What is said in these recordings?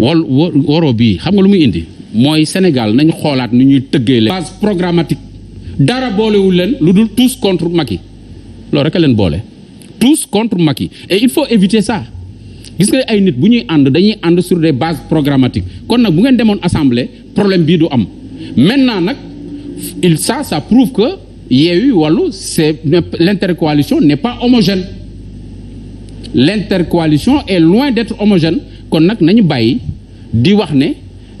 wol woro bii xam nga lu muy indi mooy Sénégal nañu xoolaat nu ñuy tëggee leen. base programmatique dara boolewul leen lu dul tous contre Macky loolu rek leen boole tous contre Macky et il faut éviter ça gis nga ay nit bu ñuy ànd dañuy ànd sur des bases programmatiques kon nag bu ngeen demoon assemblée problème bii du am maintenant nag il ça ça prouve que Yewwi Wallu c'est l'intercoalition n'est pas homogène l'intercoalition est loin d'être homogène kon nag nañu bàyyi di wax ne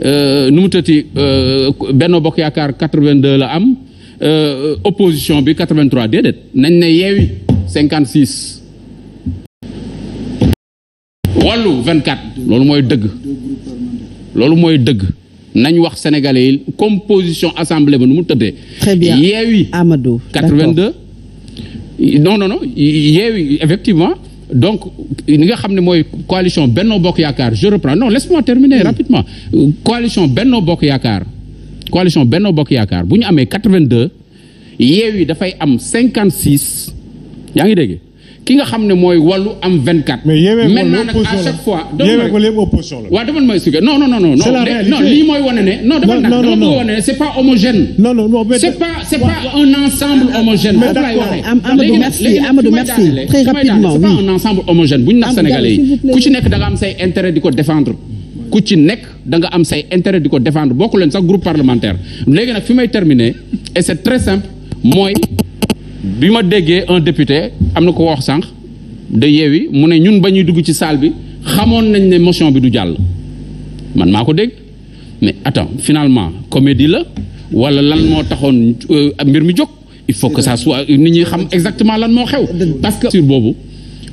euh, nu mu tëti euh, benn Bokk Yaakaar 82 la am euh, opposition bi 83 déedéet nañ ne yeewi 56 vingt 24 loolu mooy dëgg loolu mooy dëgg nañ wax sénégalais comme position assemblée ba nu mu tëddee. très bien yeewi Amadou 82. non non non yeewi effectivement donc ni nga xam ne mooy coalition Benno Bokk Yaakaar je reprends non laisse-moi terminer rapidement coalition Benno Bokk Yaakaar coalition Benno Bokk Yaakaar bu ñu amee 82 Yewwi dafay am 56 yaa ngi dégg ki nga xam ne mooy wàllu am 24. mais yéeme maintenant nag à chaque fois. yéeme ko lépp opposition la. waaw dama may expliquer non non non non. c'est la réalité non lii mooy wane ne. non dama dama bëgg a wane ne c'est pas homogène. non non non mais c'est pas c'est pas un ensemble homogène. mais d'accord Amadou merci Amadou merci très rapidement c'est pas un ensemble homogène bu ñu nax Sénégalais yi ku ci nekk da nga am say intérêt di ko défendre. ku ci nekk da nga am say intérêt di ko défendre bokk leen sax groupe parlementaire léegi nag fi may terminer et c'est très simple mooy. bi ma déggee un député am na ko wax sànq da Yewwi mu ne ñun ba ñuy dugg ci salle bi xamoon nañ ne motion bi du jàll man maa ko dégg mais attends finalement comédie la wala lan moo taxoon euh, mbir mi jóg il faut que ça soit nit ñi xam exactement lan moo xew parce que boobu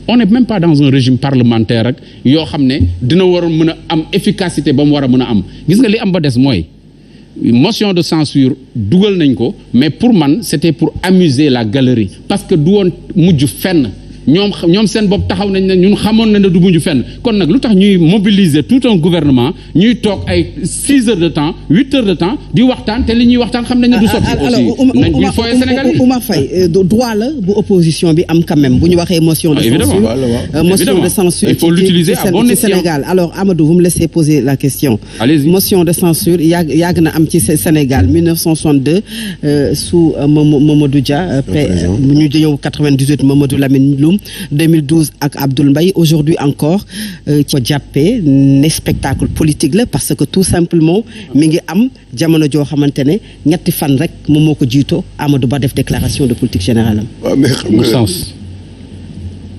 on n'est même pas dans un régime parlementaire rek yoo xam ne dina waroon mën a am efficacité ba mu war a mën a am gis nga li am ba des mooy motion de censure dugal nañ ko mais pour man c'était pour amuser la galerie parce que du woon mujj fenn ñoom ñoom seen bopp taxaw nañ ne ñun xamoon na ne du mujj fenn kon nag lu tax ñuy mobiliser tout un gouvernement ñuy toog ay six heures de temps huit heures de temps di waxtaan te li ñuy waxtaan xam ah, ah, ah, nañ ne du sotti aussi nañ buy fooyee droit la bu opposition bi am quand même bu ñu waxee motion de censure euh, motion de censure il faut l'utiliser à bon escient Sénégal alors Amadou la question motion de censure yàgg yàgg na am ci Sénégal 1962 euh, sous euh, Mamadou Dia ñu ñëw 98 Mamadou Lamine Loum Dioum 2012 ak Abdoul Mbaye aujourd'hui encore euh, ko jàppee ne spectacle politique la parce que tout simplement mi ngi am jamono joo xamante ne ñetti fan rek moom moo ko jiitoo Amadou Ba def déclaration de politique générale am. xam nga sens.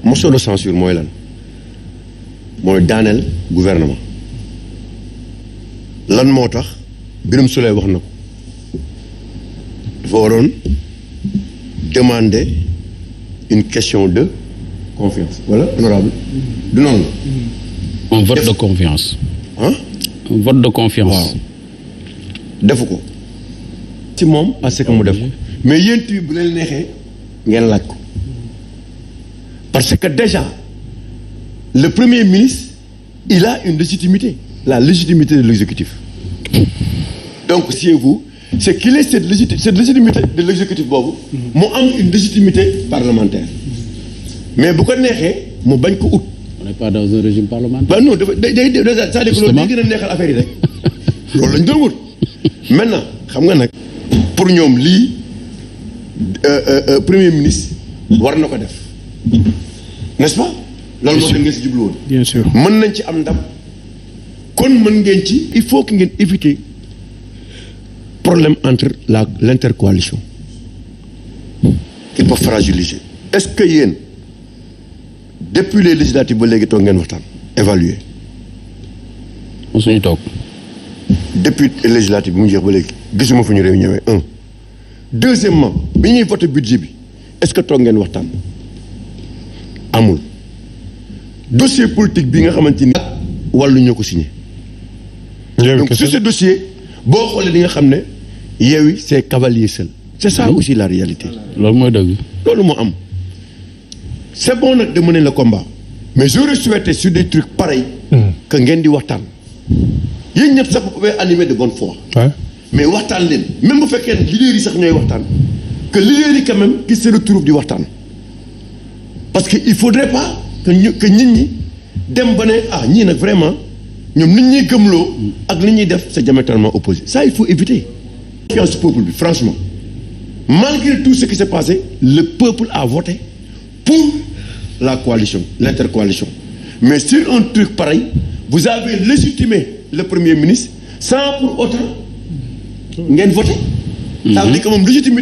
motion de censure mooy lan mooy daaneel gouvernement moo tax Birame Souleye wax na ko dafa waroon demander une question de. confiance voilà honorable du noonu un vote de confiance ah un vote de confiance waaw defu ko ci moom parce que mu def ko mais yéen tamit bu leen neexee ngeen laaj ko parce que déjà le premier ministre il a une légitimité la légitimité de l'exécutif donc si vous c'est qu'il ait cette légitimité de l'exécutif boobu mu am une légitimité parlementaire mais bu ko neexee mu bañ ko ut. on n'est pas dans un régime parlementaire. non dafa day day déjà c'est-à-dire loolu day gën a neexal affaire yi rek loolu lañ doon wut. maintenant xam nga nag pour ñoom lii euh, euh, euh, premier ministre war na ko def n'est-ce pas. loolu moo tax ngeen si jublu bien sûr mën nañ ci am ndam. kon mën ngeen ci. il faut que ngeen éviter problème entre la l'intercoalition qui peut fragiliser. est-ce que yéen. depuis les législatives ba léegi toog ngeen waxtaan évaluer suñu toog depuis législative bi mu jeex ba léegi gisuma fu ñu réew ñëwee un deuxièmement bi ñuy voté budget bi est-ce que toog ngeen waxtaan amul dossier politique bi nga xamante ni wàllu ñoo ko signé donc sur ce dossier boo xoolee li nga xam ne Yewwi c'est cavalier seul c'est ça mmh. aussi la réalité loolu mooy dëgg loolu moo am c'est bon nag de mener le combat mais j'aurais souhaité sur des trucs pareils hmm. que ngeen di waxtaan yéen ñëpp sax vous pouvez animer de bonne foi mais waxtaan leen même bu fekkee ne leaders yi sax ñooy waxtaan que leaders yi quand gis qui se retrouvent di waxtaan parce que il faudrait pas que ñu que nit ñi dem ba ne ah ñii nag vraiment ñoom nit ñuy gëmloo ak li ñuy def sa diamétralement opposé ça il faut éviter confiance peuple bi franchement malgré tout ce qui s'est passé le peuple a voté la coalition, l'intercoalition. Mais sur un truc pareil, vous avez légitimé le Premier ministre sans pour autant ngeen voté. ça veut moom légitime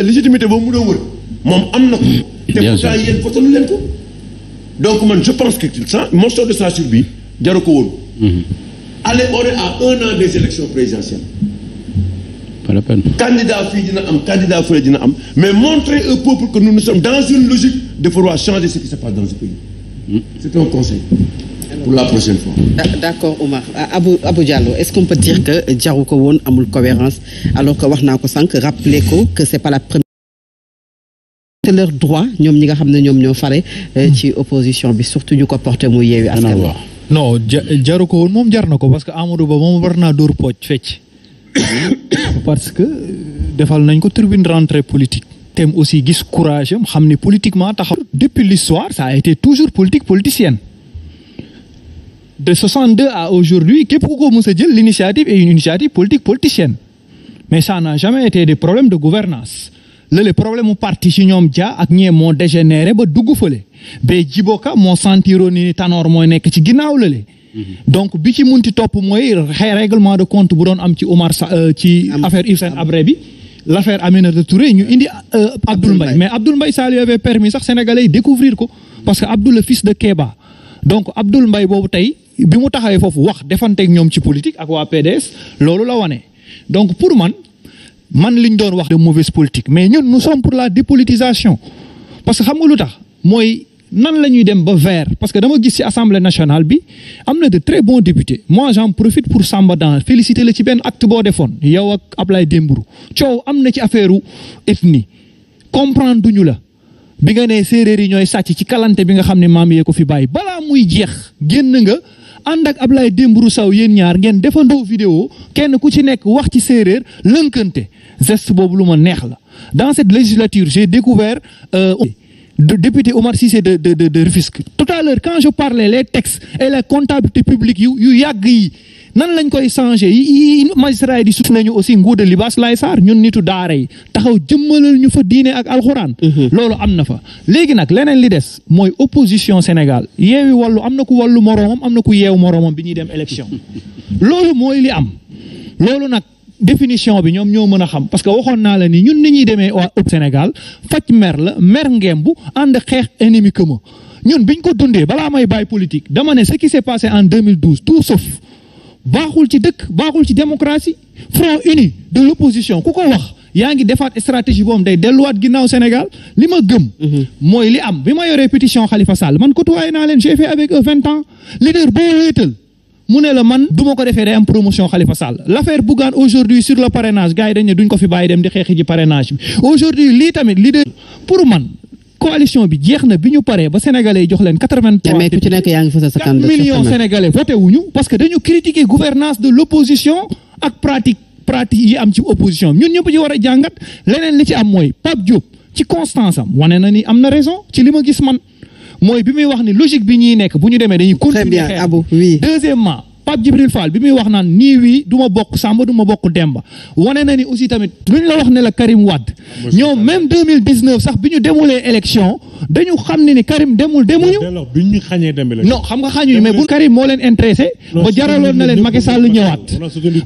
légitimité boobu mu doon wër moom am na ko. te pourtant yéen voté lu leen ko. donc man je pense que motion de censure bi jaru ko woon. Mhm. aller on à un an des élections présidentielles. pas la candidat fii dina am candidat fële dina am mais montrer au peuple que nous nous sommes dans une logique de vouloir changer ce qui se passe dans ce pays. pour la prochaine fois. Ah, d'accord Omar ah, Abou Abou Diallo est qu'on peut dire que jaru ko woon amul cohérence alors que wax naa ko sànq rappeler ko que c'est pas la première c'est leur droit ñoom ñi nga xam ne ñoom ñoo fare euh, ci opposition bi surtout ñu ko porté muy yeewi askan non jaru ko woon moom jar na ko parce que Amadou Ba moom war naa dóor pooj fecc parce que euh, defal nañ ko tribune rentrée politique tem aussi gis courage am xam ni politiquement taxaw depuis l'histoire ça a été toujours politique politicienne de 62 à aujourd'hui képp ku ko mës a jël l'initiative est une initiative politique politicienne mais ça n'a jamais été des problèmes de gouvernance lële problème mu parti si ñoom Dia ak ñee moo dégénéré ba dugg fële ba Djibo Ka moo sentiroon ni Tanor mooy nekk ci ginnaaw lële Mhm. donc bi ci mun munti topp mooy règlement de compte bu doon am ci Omar Sa euh, ci affaire Hissène Habré bi l'affaire Aminata Touré ñu indi euh, Abdoul Mbaye mais Abdoul Mbaye ça lui permis sax sénégalais yi découvrir ko parce que Abdoul le fils de Kéba donc Abdoul mbay boobu tey bi mu taxawee foofu wax defanteeg ñoom ci politique ak waa PDS loolu la wane donc pour man man liñ doon wax de mauvaise politique mais ñu nous sommes pour la dépolitisation parce que xam nga lu tax mooy nan la ñuy dem ba vert parce que dama gis ci assemblée nationale bi am na de très bons députés mois j'en profit pour Samba Dan féliciter la ci benn acte boo defoon yow ak Ablaye Dembourou coow am na ci affaire ethnie comprendre duñu la bi nga ne séeréer yi ñooy sàcc ci kalante bi nga xam ne maam yee ko fi bàyyi balaa muy jeex génn nga ànd ak Ablaye Dembourou saw yéen ñaar ngeen defandoo vidéo kenn ku ci nekk wax ci séeréer lënkante geste boobu lu ma neex la dans cette législature j'ai découvert euh, de député Omar Cissé de de de de Rufisque tout à l'heure quand je parlais les textes et les comptabilités publiques yu yu yàgg yi nan lañ koy changé yi magistrat yi di sut nañu aussi nguuda libaas lay saar ñun nitu daara yi taxaw jëmmalal ñu fa diine ak alxuraan mhm. loolu am na fa léegi nag leneen li des mooy opposition Sénégal yeewi wàllu am na ku wàllu moroomam am na ku yeew moroomam bi ñuy dem élection loolu mooy li am loolu nag définition bi ñoom ñoo mën a xam parce que waxoon naa la ni ñun ni ñuy demee au Sénégal faj mer la mer ngembu ànd xeex ennemi këma ñun biñ ko dundee balaa may bàyyi politique dama ne ce qui s'est passé en 2012 tout sauf baaxul ci dëkk baaxul ci démocratie front uni de l'opposition ku ko wax yaa ngi defaat stratégie boobu day delluwaat ginnaaw Sénégal li ma gëm. Mhm. mooy li am bi ma yoree pétition Khalifa Sall man côtoyé naa leen j'ai fait avec eux vingt ans leader boo mu ne la man du ko defee am promotion Khalifa Sall l' affaire aujourd'hui sur le parrainage gars yi dañ duñ ko fi bàyyi dem di xeexi ji parrainage bi aujourd'hui lii tamit li de pour man coalition bi jeex na bi ñu paree ba sénégalais yi jox leen quatre-vingt-trois l' opposition ak pratique pratique yi am ci opposition ñun ñëpp ci war a jàngat leneen li ci am mooy Pape Diop ci constance am wane na ni am na raison ci li ma gis man mooy bi muy wax ni logique bi ñuy nekk bu ñu demee dañuy continuer. très bien Abou oui. bi muy wax naan nii wii du ma bokk Samba du bokk Demba wane na ni aussi tamit luñ la wax ne la Karim Wade ñoom même 2019 sax bi ñu demulee élection dañu xam ne ni Karim demul demuñu. bi ñu xañee demee non xam nga xañuñu mais bu Karim moo leen intéressé. ba jaraloon na leen Macky ñëwaat.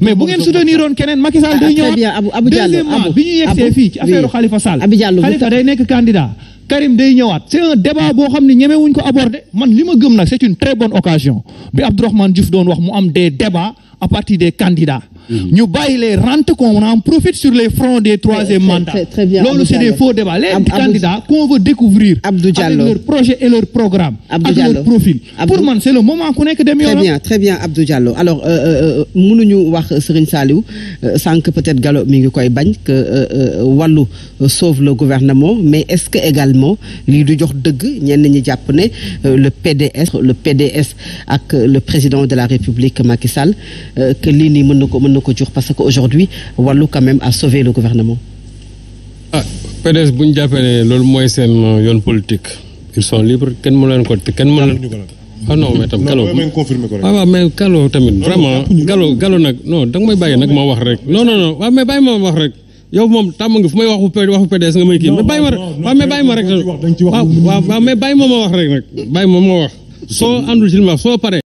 mais bu ngeen souteniroon keneen Macky Sall ah, day ñëwaat. deuxièmement bi ñu yegsee fii ci affaire Khalifa Sall. day nekk candidat. Karim day ñëwaat c'est un débat boo xam ne ñemewuñ ko aborder man li ma gëm nag c'est une très bonne occasion bi Abdourahmane Diouf doon wax mu am des débats à partir des candidats Mm-hmm. ñu bàyyi les rentes qu'on en profite sur les fronts des troisième mandats loolu c'est des faux débats les candidats qu'on veut découvrir Abdou Diallo avec leur projet et leur programme ak leur profil pour man c'est le moment ku nekk dem yoonam très bien très alors euh, euh, euh, mënuñu wax Serigne Saliou sànq peut-être Gallo mi ngi koy bañ que wàllu sauve le gouvernement mais est-ce que également lii du jox dëgg ñenn ñi jàpp ne le PDS le PDS ak le président de la République Macky Sall que lii nii mën na ko mën na ko jur parce que aujourd'hui wàllu quand même a sauvé le gouvernement ah PDS bu ñu jàppee ne loolu mooy seen yoon politique ils sont libres kenn mu leen ko kenn mu leen ah non mais tam Gallo waaw waaw mais Gallo tamit vraiment Gallo Gallo nag non danga may bàyyi nag ma wax rek non non non waaw mais bàyyi ma wax rek yow moom tàmm nga fu may waxu waxu PDS nga may kii mais bàyyi ma rek waaw mais bàyyi ma rek waaw waaw mais bàyyi ma ma wax rek nag bàyyi ma ma wax soo àndul ci li ma wax soo paree